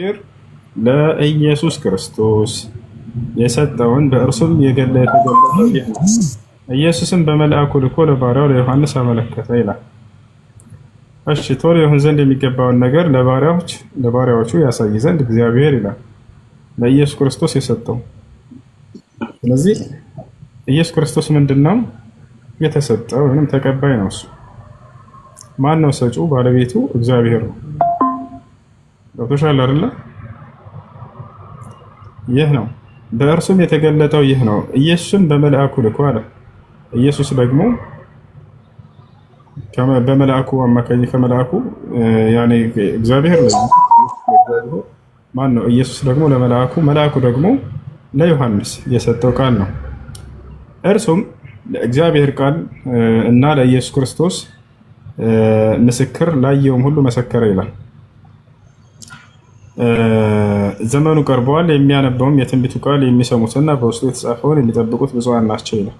ይህ ለኢየሱስ ክርስቶስ የሰጠውን በእርሱም የገለ የተገለጠው ይህ በመልአኩ ልኮ ለባሪያው ለዮሐንስ አመለከተ ይላል። እሺ ቶሎ ይሁን ዘንድ የሚገባውን ነገር ለባሪያዎቹ ያሳይ ዘንድ እግዚአብሔር ይላል ለኢየሱስ ክርስቶስ የሰጠው። ስለዚህ ኢየሱስ ክርስቶስ ምንድነው? የተሰጠ የተሰጠው? ወይም ተቀባይ ነው እሱ። ማን ነው ሰጪው? ባለቤቱ እግዚአብሔር ነው። ገብቶሻል አይደለ? ይህ ነው በእርሱም የተገለጠው ይህ ነው። ኢየሱስም በመልአኩ ልኮ አለ። ኢየሱስ ደግሞ በመልአኩ አማካኝ ከመልአኩ ያኔ እግዚአብሔር ማን ነው? ኢየሱስ ደግሞ ለመልአኩ መልአኩ ደግሞ ለዮሐንስ የሰጠው ቃል ነው። እርሱም ለእግዚአብሔር ቃል እና ለኢየሱስ ክርስቶስ ምስክር ላየውም ሁሉ መሰከረ ይላል። ዘመኑ ቀርበዋል። የሚያነበውም የትንቢቱ ቃል የሚሰሙትና በውስጡ የተጻፈውን የሚጠብቁት ብፁዓን ናቸው ይላል።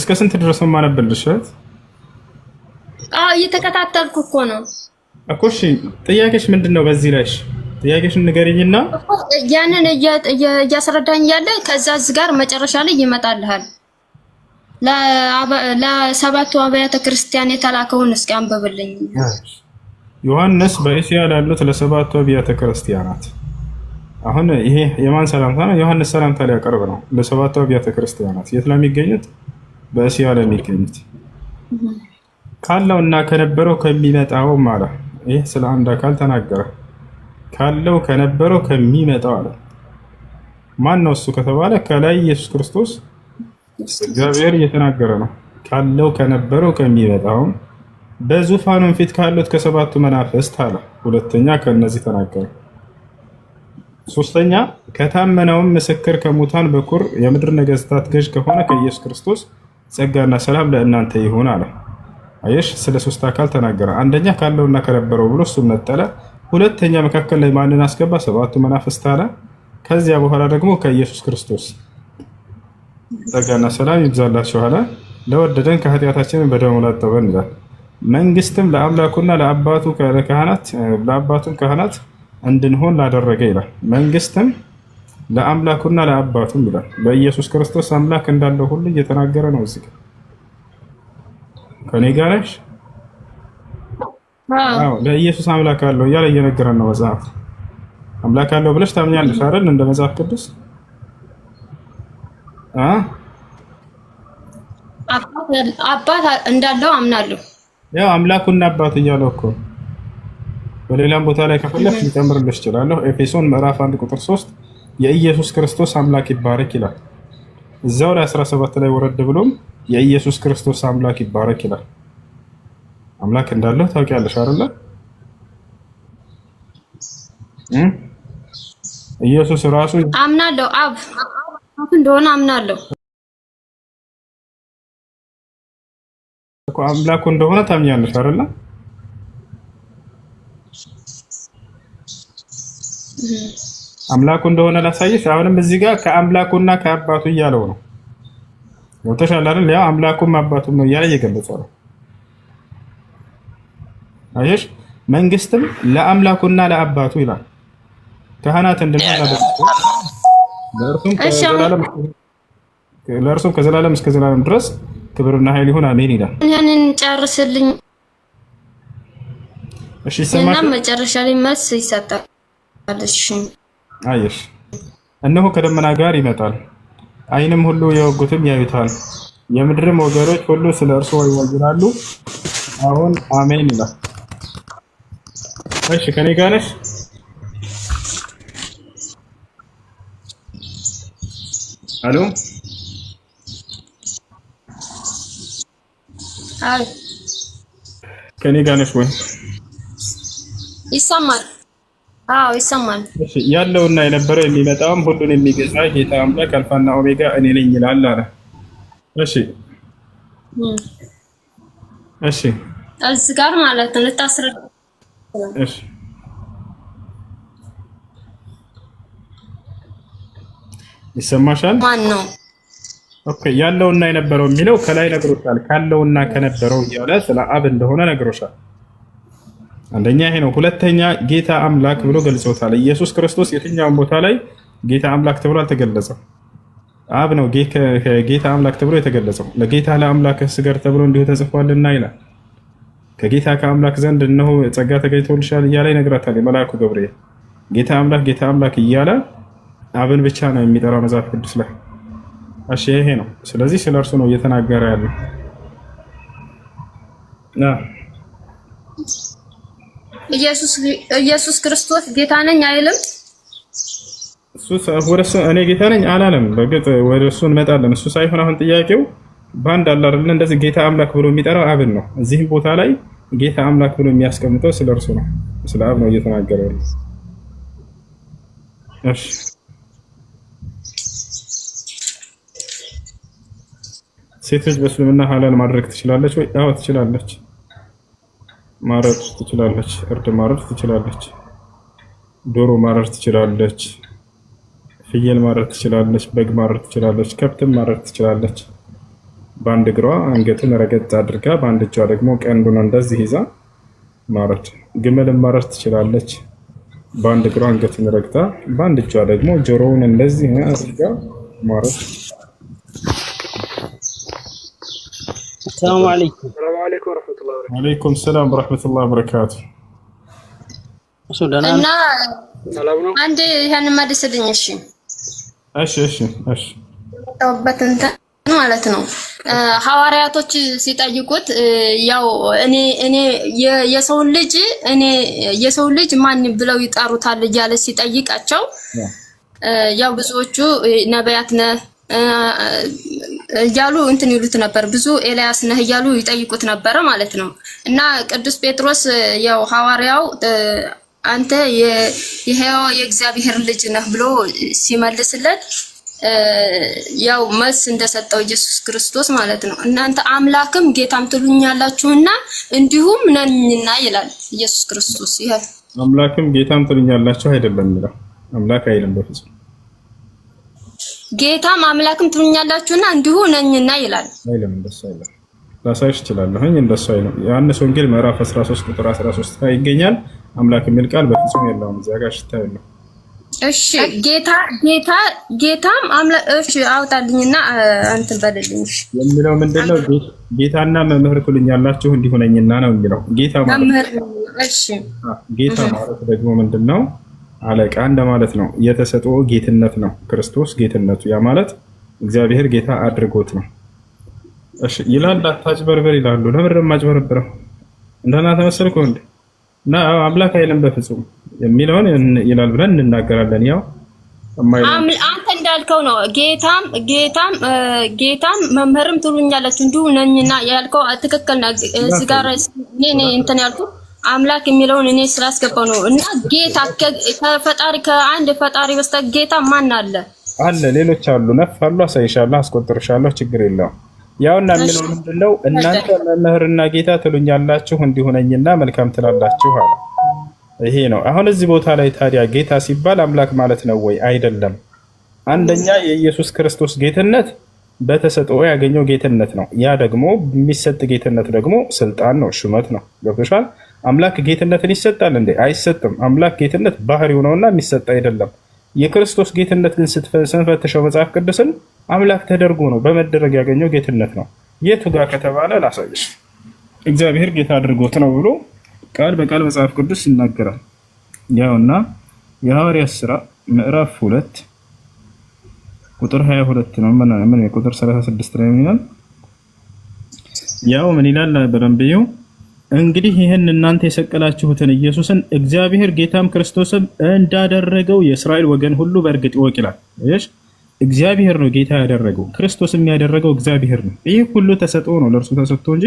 እስከ ስንት ድረስ ማነብልሽ? እየተከታተልኩ እኮ ነው እኮ። እሺ ጥያቄሽ ምንድን ነው? በዚህ ላይ ጥያቄሽን ንገሪኝና ያንን እያስረዳኝ ያለ ከዛ እዚህ ጋር መጨረሻ ላይ ይመጣልሃል። ለሰባቱ አብያተ ክርስቲያን የተላከውን እስኪ አንብብልኝ። ዮሐንስ በእስያ ላሉት ለሰባቱ አብያተ ክርስቲያናት አሁን ይሄ የማን ሰላምታ ነው? ዮሐንስ ሰላምታ ሊያቀርብ ነው ለሰባቱ አብያተ ክርስቲያናት የት ለሚገኙት? በእስያ ለሚገኙት ካለው እና ከነበረው ከሚመጣውም አለ። ይህ ስለ አንድ አካል ተናገረ። ካለው ከነበረው ከሚመጣው አለ። ማን ነው እሱ ከተባለ ከላይ ኢየሱስ ክርስቶስ እግዚአብሔር እየተናገረ ነው። ካለው ከነበረው ከሚመጣውም በዙፋኑም ፊት ካሉት ከሰባቱ መናፍስት አለ። ሁለተኛ ከእነዚህ ተናገረ። ሶስተኛ ከታመነውም ምስክር ከሙታን በኩር የምድር ነገስታት ገዥ ከሆነ ከኢየሱስ ክርስቶስ ጸጋና ሰላም ለእናንተ ይሁን አለ። አየሽ፣ ስለ ሶስት አካል ተናገረ። አንደኛ ካለውና ከነበረው ብሎ እሱን ነጠለ። ሁለተኛ መካከል ላይ ማንን አስገባ? ሰባቱ መናፍስት አለ። ከዚያ በኋላ ደግሞ ከኢየሱስ ክርስቶስ ጸጋና ሰላም ይብዛላችሁ አለ። ለወደደን ከኃጢአታችንን በደሙ ላጠበን ይላል። መንግስትም ለአምላኩና ለአባቱ ካህናት ለአባቱም ካህናት እንድንሆን ላደረገ ይላል። መንግስትም ለአምላኩና ለአባቱም ይላል። በኢየሱስ ክርስቶስ አምላክ እንዳለው ሁሉ እየተናገረ ነው። እዚህ ከኔ ጋር ነሽ? አዎ፣ ለኢየሱስ አምላክ አለው እያለ እየነገረን ነው መጽሐፍ። አምላክ አለው ብለሽ ታምኛለሽ አይደል? እንደ መጽሐፍ ቅዱስ አባት እንዳለው አምናለሁ። ያው አምላኩና አባት እያለው እኮ በሌላም ቦታ ላይ ከፈለክ ሊጨምርልሽ እችላለሁ። ኤፌሶን ምዕራፍ 1 ቁጥር 3 የኢየሱስ ክርስቶስ አምላክ ይባረክ ይላል። እዛው ላይ 17 ላይ ወረድ ብሎም የኢየሱስ ክርስቶስ አምላክ ይባረክ ይላል። አምላክ እንዳለው ታውቂያለሽ አይደለ? ኢየሱስ ራሱ አምናለሁ፣ አብ እንደሆነ አምናለሁ። አምላኩ እንደሆነ ታምኛለሽ አይደለ? አምላኩ እንደሆነ ላሳየሽ። አሁንም እዚህ ጋር ከአምላኩና ከአባቱ እያለው ነው። ገብቶሻል አይደል? ያው አምላኩም አባቱም ነው እያለ እየገለጸ ነው። አየሽ፣ መንግስትም ለአምላኩና ለአባቱ ይላል። ካህናት እንደሚያደርጉ ለእርሱም ከዘላለም እስከ ዘላለም ድረስ ክብርና ኃይል ይሁን አሜን ይላል። ያንን ጨርስልኝ። እሺ እና መጨረሻ ላይ መልስ ይሰጣል። እሺ አየሽ፣ እነሆ ከደመና ጋር ይመጣል፣ አይንም ሁሉ የወጉትም ያዩታል፣ የምድርም ወገኖች ሁሉ ስለ እርሱ ይወግናሉ። አሁን አሜን ይላል። እሺ ከኔ ጋር ነሽ? አሎ አይ ከኔ ጋር ነሽ ወይ? ይሰማል? አዎ ይሰማል። እሺ ያለውና የነበረው የሚመጣውም ሁሉን የሚገዛ ጌታ አምላክ አልፋና ኦሜጋ እኔ ነኝ ይላል አለ። እሺ እሺ፣ እዚህ ጋር ማለት ነው ልታስረዳ። እሺ ይሰማሻል? ማን ነው ኦኬ ያለውና የነበረው የሚለው ከላይ ነግሮሻል። ካለውና ከነበረው እያለ ስለ አብ እንደሆነ ነግሮሻል። አንደኛ ይሄ ነው። ሁለተኛ ጌታ አምላክ ብሎ ገልጾታል። ኢየሱስ ክርስቶስ የትኛውን ቦታ ላይ ጌታ አምላክ ተብሎ አልተገለጸም። አብ ነው ጌታ አምላክ ተብሎ የተገለጸው። ለጌታ ለአምላክ ስገር ተብሎ እንዲሁ ተጽፏልና ይላል። ከጌታ ከአምላክ ዘንድ እነሆ ጸጋ ተገኝቶልሻል እያለ ይነግራታል መልአኩ ገብርኤል። ጌታ አምላክ ጌታ አምላክ እያለ አብን ብቻ ነው የሚጠራው መጽሐፍ ቅዱስ ላይ እሺ ይሄ ነው። ስለዚህ ስለ እርሱ ነው እየተናገረ ያለው። ኢየሱስ ክርስቶስ ጌታ ነኝ አይልም። እሱ እኔ ጌታ ነኝ አላለም። በግጥ ወደ እሱ እንመጣለን። እሱ ሳይሆን አሁን ጥያቄው በአንድ አለ አይደል? እንደዚህ ጌታ አምላክ ብሎ የሚጠራው አብን ነው። እዚህም ቦታ ላይ ጌታ አምላክ ብሎ የሚያስቀምጠው ስለ እርሱ ነው። ስለ አብ ነው እየተናገረ ያለው። እሺ ሴት ልጅ በእስልምና ሀላል ማድረግ ትችላለች ወይ? አዎ ትችላለች። ማረድ ትችላለች። እርድ ማረድ ትችላለች። ዶሮ ማረድ ትችላለች። ፍየል ማረድ ትችላለች። በግ ማረድ ትችላለች። ከብትም ማረድ ትችላለች። በአንድ እግሯ አንገቱን ረገጥ አድርጋ በአንድ እጇ ደግሞ ቀንዱን እንደዚህ ይዛ ማረድ። ግመልም ማረድ ትችላለች። በአንድ እግሯ አንገቱን ረግጣ በአንድ እጇ ደግሞ ጆሮውን እንደዚህ አድርጋ ማረድ ሰላሙ አለይኩም ወአለይኩም ሰላም ወረሕመቱላሂ ወበረካቱ። እና አንድ ይህን መልስልኝ። እሺ እሺ እሺ እሺ ተውበት ማለት ነው። ሐዋርያቶች ሲጠይቁት ያው እኔ እኔ የሰው ልጅ እኔ የሰው ልጅ ማን ብለው ይጠሩታል እያለ ሲጠይቃቸው ያው ብዙዎቹ ነቢያት ነህ እያሉ እንትን ይሉት ነበር። ብዙ ኤልያስ ነህ እያሉ ይጠይቁት ነበረ ማለት ነው። እና ቅዱስ ጴጥሮስ ያው ሐዋርያው አንተ የሕያው የእግዚአብሔር ልጅ ነህ ብሎ ሲመልስለት ያው መልስ እንደሰጠው ኢየሱስ ክርስቶስ ማለት ነው። እናንተ አምላክም ጌታም ትሉኛላችሁና እንዲሁም ነኝና ይላል ኢየሱስ ክርስቶስ። ይሄ አምላክም ጌታም ትሉኛላችሁ አይደለም ይላል። አምላክ አይልም በፍጹም ጌታም አምላክም ትሉኛላችሁና እንዲሁ ነኝና ይላል። አይለም እንደሱ አይልም። ላሳይሽ እችላለሁ። እንደሱ አይለም። ዮሐንስ ወንጌል ምዕራፍ 13 ቁጥር 13 ላይ ይገኛል። አምላክ የሚል ቃል በፍጹም የለውም። እዚያ ጋር ሽታ የለውም። እሺ ጌታ ጌታ ጌታም አምላክ እሺ አውጣልኝና አንተን በልልኝ የሚለው ምንድን ነው? ጌታና መምህር ትሉኛላችሁ እንዲሁ ነኝና ነው የሚለው ጌታ ማለት። እሺ ጌታ ማለት ደግሞ ምንድን ነው? አለቃ እንደማለት ነው። የተሰጥኦ ጌትነት ነው። ክርስቶስ ጌትነቱ ያ ማለት እግዚአብሔር ጌታ አድርጎት ነው። እሺ ይላል። አታጭበርበር ይላሉ። ለምንድን ማጭበርብረው እንደና ተመሰልኩ እንዴ? እና አምላክ አይልም በፍጹም የሚለውን ይላል ብለን እንናገራለን። ያው አንተ እንዳልከው ነው። ጌታም ጌታም ጌታም መምህርም ትሉኛላችሁ እንዲሁ ነኝና ያልከው ትክክል ነው። እዚህ ጋር እኔ እንትን ያልኩት አምላክ የሚለውን እኔ ስላስገባው ነው። እና ጌታ ከፈጣሪ ከአንድ ፈጣሪ በስተ ጌታ ማን አለ? አለ ሌሎች አሉ፣ ነፍ አሉ። አሳይሻለሁ፣ አስቆጥርሻለሁ። ችግር የለውም። ያውና የሚለው ምንድነው? እናንተ መምህርና ጌታ ትሉኛላችሁ እንዲሁነኝና መልካም ትላላችሁ አለ። ይሄ ነው አሁን እዚህ ቦታ ላይ ታዲያ ጌታ ሲባል አምላክ ማለት ነው ወይ? አይደለም። አንደኛ የኢየሱስ ክርስቶስ ጌትነት በተሰጥኦ ያገኘው ጌትነት ነው። ያ ደግሞ የሚሰጥ ጌትነት ደግሞ ስልጣን ነው፣ ሹመት ነው። ገብቶሻል? አምላክ ጌትነትን ይሰጣል እንዴ? አይሰጥም። አምላክ ጌትነት ባህሪው ነውና የሚሰጥ አይደለም። የክርስቶስ ጌትነት ግን ስንፈትሸው መጽሐፍ ቅዱስን አምላክ ተደርጎ ነው በመደረግ ያገኘው ጌትነት ነው። የቱ ጋር ከተባለ ላሳየሽ። እግዚአብሔር ጌታ አድርጎት ነው ብሎ ቃል በቃል መጽሐፍ ቅዱስ ይናገራል። ያውና የሐዋርያት ስራ ምዕራፍ ሁለት ቁጥር 22 ነው። ምን ቁጥር 36 ላይ ይላል ያው ምን ይላል በደንብ እንግዲህ ይህን እናንተ የሰቀላችሁትን ኢየሱስን እግዚአብሔር ጌታም ክርስቶስም እንዳደረገው የእስራኤል ወገን ሁሉ በእርግጥ ይወቅ ይላል። እግዚአብሔር ነው ጌታ ያደረገው፣ ክርስቶስም ያደረገው እግዚአብሔር ነው። ይህ ሁሉ ተሰጥኦ ነው፣ ለእርሱ ተሰጥቶ እንጂ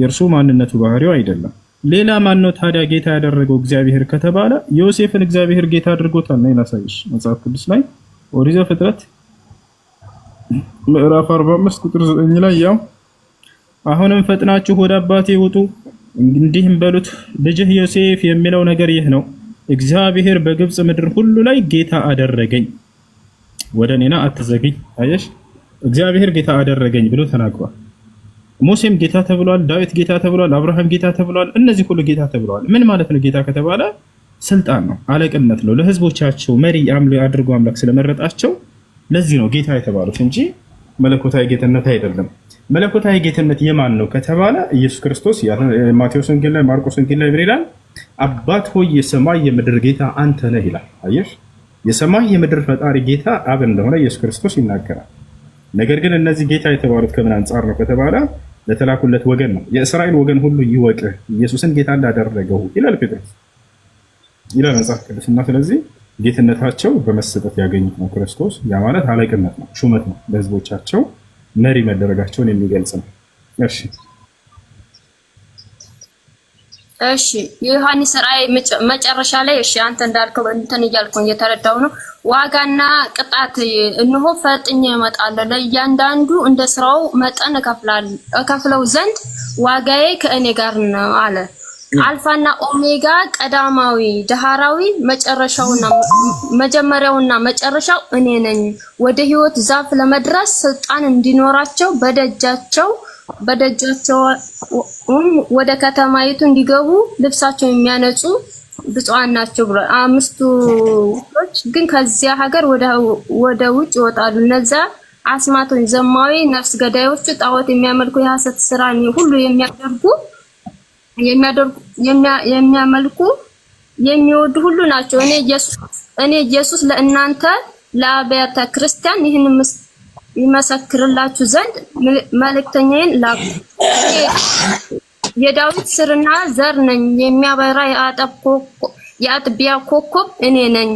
የእርሱ ማንነቱ ባህሪው አይደለም። ሌላ ማን ነው ታዲያ ጌታ ያደረገው እግዚአብሔር ከተባለ ዮሴፍን እግዚአብሔር ጌታ አድርጎታል። ነው ላሳይሽ፣ መጽሐፍ ቅዱስ ላይ ኦሪት ዘፍጥረት ምዕራፍ 45 ቁጥር 9 ላይ ያው አሁንም ፈጥናችሁ ወደ አባቴ ውጡ እንዲህም በሉት ልጅህ ዮሴፍ የሚለው ነገር ይህ ነው። እግዚአብሔር በግብፅ ምድር ሁሉ ላይ ጌታ አደረገኝ፣ ወደ እኔና አትዘግኝ። አየሽ፣ እግዚአብሔር ጌታ አደረገኝ ብሎ ተናግሯል። ሙሴም ጌታ ተብሏል፣ ዳዊት ጌታ ተብሏል፣ አብርሃም ጌታ ተብሏል። እነዚህ ሁሉ ጌታ ተብሏል። ምን ማለት ነው? ጌታ ከተባለ ስልጣን ነው፣ አለቅነት ነው። ለህዝቦቻቸው መሪ አድርጎ አምላክ ስለመረጣቸው ለዚህ ነው ጌታ የተባሉት እንጂ መለኮታዊ ጌትነት አይደለም። መለኮታዊ ጌትነት የማን ነው ከተባለ ኢየሱስ ክርስቶስ ማቴዎስ ወንጌል ላይ ማርቆስ ወንጌል ላይ ምን ይላል? አባት ሆይ የሰማይ የምድር ጌታ አንተ ነህ ይላል። አየሽ የሰማይ የምድር ፈጣሪ ጌታ አብ እንደሆነ ኢየሱስ ክርስቶስ ይናገራል። ነገር ግን እነዚህ ጌታ የተባሉት ከምን አንጻር ነው ከተባለ ለተላኩለት ወገን ነው። የእስራኤል ወገን ሁሉ ይወቅ ኢየሱስን ጌታ እንዳደረገው ይላል ጴጥሮስ ይላል መጽሐፍ እና ስለዚህ ጌትነታቸው በመሰጠት ያገኙት ነው ክርስቶስ። ያ ማለት አለቅነት ነው፣ ሹመት ነው ለህዝቦቻቸው መሪ መደረጋቸውን የሚገልጽ ነው። እሺ እሺ ዮሐንስ ራእይ መጨረሻ ላይ እሺ፣ አንተ እንዳልከው እንትን እያልከው እየተረዳው ነው። ዋጋና ቅጣት እነሆ ፈጥኜ እመጣለሁ፣ ለእያንዳንዱ እንደ ስራው መጠን እከፍለው ዘንድ ዋጋዬ ከእኔ ጋር ነው አለ። አልፋና ኦሜጋ ቀዳማዊ ዳህራዊ መጨረሻውና መጀመሪያውና መጨረሻው እኔ ነኝ። ወደ ህይወት ዛፍ ለመድረስ ስልጣን እንዲኖራቸው በደጃቸው በደጃቸውም ወደ ከተማይቱ እንዲገቡ ልብሳቸው የሚያነጹ ብፁዓን ናቸው ብሏል። አምስቱ ውሾች ግን ከዚያ ሀገር ወደ ውጭ ይወጣሉ። እነዚያ አስማቶች፣ ዘማዊ፣ ነፍስ ገዳዮቹ፣ ጣዖት የሚያመልኩ የሐሰት ስራ ሁሉ የሚያደርጉ የሚያደርጉ የሚያመልኩ የሚወዱ ሁሉ ናቸው። እኔ ኢየሱስ እኔ ኢየሱስ ለእናንተ ለአብያተ ክርስቲያን ይህን ይመሰክርላችሁ ዘንድ መልእክተኛዬን ላኩ። የዳዊት ስርና ዘር ነኝ፣ የሚያበራ የአጥቢያ ኮከብ እኔ ነኝ።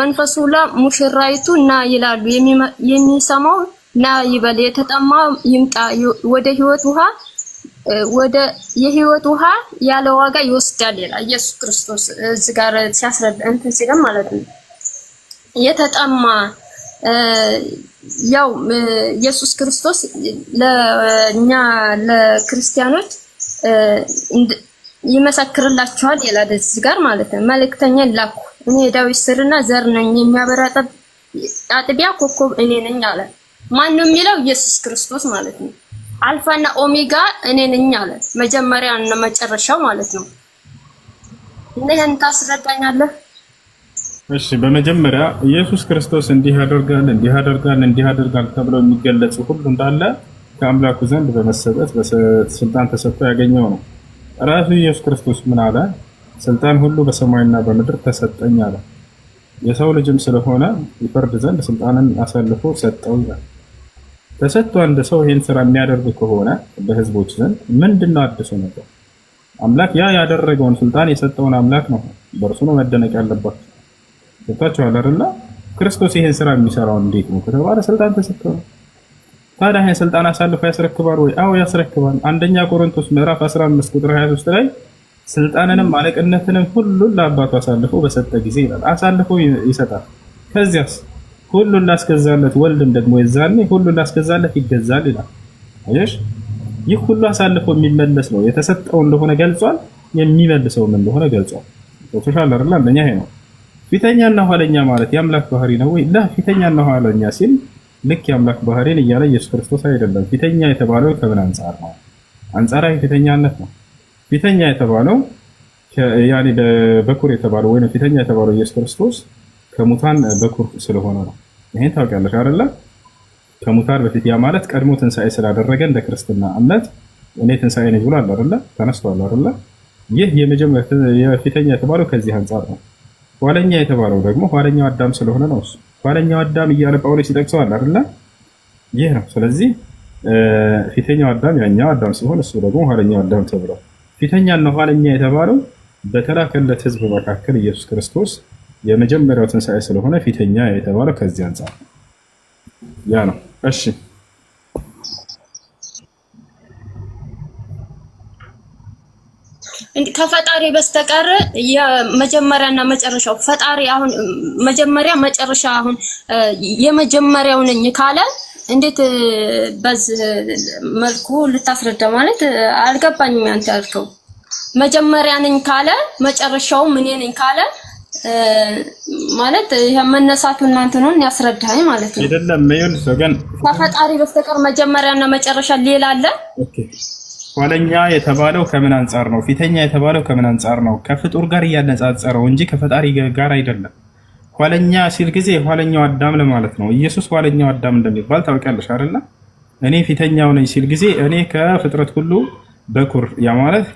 መንፈሱ ለሙሽራይቱ ና ይላሉ፣ የሚሰማው ና ይበል፣ የተጠማ ይምጣ፣ ወደ ህይወት ውሃ ወደ የህይወት ውሃ ያለ ዋጋ ይወስዳል ይላል ኢየሱስ ክርስቶስ። እዚህ ጋር ሲያስረዳ እንትን ሲለም ማለት ነው የተጠማ ያው ኢየሱስ ክርስቶስ ለኛ ለክርስቲያኖች ይመሰክርላችኋል ይላል እዚህ ጋር ማለት ነው። መልእክተኛ ላኩ እኔ የዳዊት ስርና ዘር ነኝ፣ የሚያበራ አጥቢያ ኮከብ እኔ ነኝ አለ። ማን ነው የሚለው? ኢየሱስ ክርስቶስ ማለት ነው። አልፋና ኦሜጋ እኔ ነኝ አለ። መጀመሪያ እና መጨረሻው ማለት ነው። ይህን ታስረዳኛለህ? እሺ፣ በመጀመሪያ ኢየሱስ ክርስቶስ እንዲህ ያደርጋል እንዲህ ያደርጋል እንዲህ ያደርጋል ተብለው የሚገለጽ ሁሉ እንዳለ ከአምላኩ ዘንድ በመሰጠት ስልጣን ተሰጥቶ ያገኘው ነው። ራሱ ኢየሱስ ክርስቶስ ምን አለ? ስልጣን ሁሉ በሰማይና በምድር ተሰጠኝ አለ። የሰው ልጅም ስለሆነ ይፈርድ ዘንድ ስልጣንን አሳልፎ ሰጠው ይላል። ተሰጥቶ አንድ ሰው ይህን ስራ የሚያደርግ ከሆነ በህዝቦች ዘንድ ምንድነው አዲሱ ነገር? አምላክ ያ ያደረገውን ስልጣን የሰጠውን አምላክ ነው። በእርሱ ነው መደነቅ ያለባቸው። ገብታችኋል አይደል? ክርስቶስ ይህን ስራ የሚሰራው እንዴት ነው ከተባለ ስልጣን ተሰጥቶ ነው። ታዲያ ይህን ስልጣን አሳልፎ ያስረክባል ወይ? አዎ ያስረክባል። አንደኛ ቆሮንቶስ ምዕራፍ 15 ቁጥር 23 ላይ ስልጣንንም አለቅነትንም ሁሉን ለአባቱ አሳልፎ በሰጠ ጊዜ ይላል። አሳልፎ ይሰጣል። ከዚያስ ሁሉ ላስገዛለት ወልድም ደግሞ የዛኔ ሁሉን ላስገዛለት ይገዛል ይላል። አየሽ፣ ይህ ሁሉ አሳልፎ የሚመለስ ነው። የተሰጠው እንደሆነ ገልጿል፣ የሚመልሰውም እንደሆነ ገልጿል። ቶሻል አይደል? አንደኛ ይሄ ነው። ፊተኛና ኋለኛ ማለት የአምላክ ባህሪ ነው ወይ? ላ ፊተኛና ኋለኛ ሲል ልክ የአምላክ ባህሪን እያለ ኢየሱስ ክርስቶስ አይደለም። ፊተኛ የተባለው ከምን አንጻር ነው? አንጻራዊ ፊተኛነት ነው። ፊተኛ የተባለው በኩር የተባለው ወይም ፊተኛ የተባለው ኢየሱስ ክርስቶስ ከሙታን በኩር ስለሆነ ነው። ይሄን ታውቂያለሽ አይደለ? ከሙታን በፊት ያ ማለት ቀድሞ ትንሳኤ ስላደረገ እንደ ክርስትና እምነት እኔ ትንሳኤ ነኝ ብሏል አይደለ? ተነስቷል አይደለ? ይህ የፊተኛ የተባለው ከዚህ አንጻር ነው። ኋለኛ የተባለው ደግሞ ኋለኛው አዳም ስለሆነ ነው። እሱ ኋለኛው አዳም እያለ ጳውሎስ ይጠቅሰዋል አይደለ? ይህ ነው። ስለዚህ ፊተኛው አዳም ያኛው አዳም ሲሆን እሱ ደግሞ ኋለኛው አዳም ተብሏል። ፊተኛና ኋለኛ የተባለው በተላከለት ህዝብ መካከል ኢየሱስ ክርስቶስ የመጀመሪያው ትንሣኤ ስለሆነ ፊተኛ የተባለው ከዚህ አንጻር ያ ነው። እሺ ከፈጣሪ በስተቀር የመጀመሪያና መጨረሻው ፈጣሪ አሁን መጀመሪያ መጨረሻ አሁን የመጀመሪያው ነኝ ካለ እንዴት በዚህ መልኩ ልታስረዳ? ማለት አልገባኝም። ያንተ ያልከው መጀመሪያ ነኝ ካለ መጨረሻው ምን ነኝ ካለ ማለት እናንተ ነው ያስረዳኝ ማለት ነው። አይደለም ይኸውልሽ፣ ወገን ከፈጣሪ በስተቀር መጀመሪያና መጨረሻ ሌላ አለ? ኦኬ። ኋለኛ የተባለው ከምን አንጻር ነው? ፊተኛ የተባለው ከምን አንጻር ነው? ከፍጡር ጋር እያነጻጸረው እንጂ ከፈጣሪ ጋር አይደለም። ኋለኛ ሲል ጊዜ ኋለኛው አዳም ለማለት ነው። ኢየሱስ ኋለኛው አዳም እንደሚባል ታውቂያለሽ አይደለ? እኔ ፊተኛው ነኝ ሲል ጊዜ እኔ ከፍጥረት ሁሉ በኩር ያ ማለት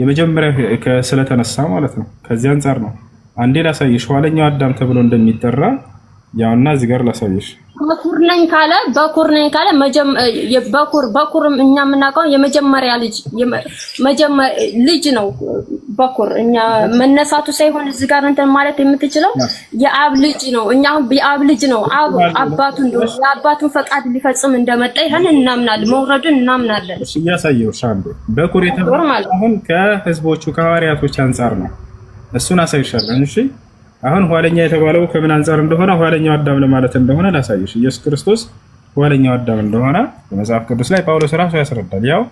የመጀመሪያ ስለተነሳ ማለት ነው። ከዚህ አንጻር ነው አንዴ ላሳየሽ፣ ኋለኛው አዳም ተብሎ እንደሚጠራ ያውና እዚህ ጋር ላሳየሽ። በኩር ነኝ ካለ በኩር ነኝ ካለ በኩር በኩር እኛ የምናውቀው የመጀመሪያ ልጅ መጀመሪያ ልጅ ነው። በኩር እኛ መነሳቱ ሳይሆን እዚህ ጋር እንትን ማለት የምትችለው የአብ ልጅ ነው። እኛ የአብ ልጅ ነው። አብ አባቱ እንደሆነ የአባቱን ፈቃድ ሊፈጽም እንደመጣ ይሄን እናምናለን። መውረዱን እናምናለን። እያሳየሁሽ አንዱ በኩር የተባለው አሁን ከህዝቦቹ ከሐዋርያቶች አንጻር ነው እሱን አሳይሻለሁ። እሺ አሁን ኋለኛ የተባለው ከምን አንጻር እንደሆነ ኋለኛው አዳም ለማለት እንደሆነ ላሳይሽ። ኢየሱስ ክርስቶስ ኋለኛው አዳም እንደሆነ በመጽሐፍ ቅዱስ ላይ ጳውሎስ ራሱ ያስረዳል። ያው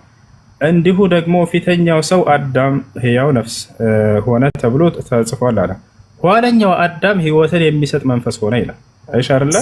እንዲሁ ደግሞ ፊተኛው ሰው አዳም ሕያው ነፍስ ሆነ ተብሎ ተጽፏል አለ። ኋለኛው አዳም ሕይወትን የሚሰጥ መንፈስ ሆነ ይላል አይሻርላ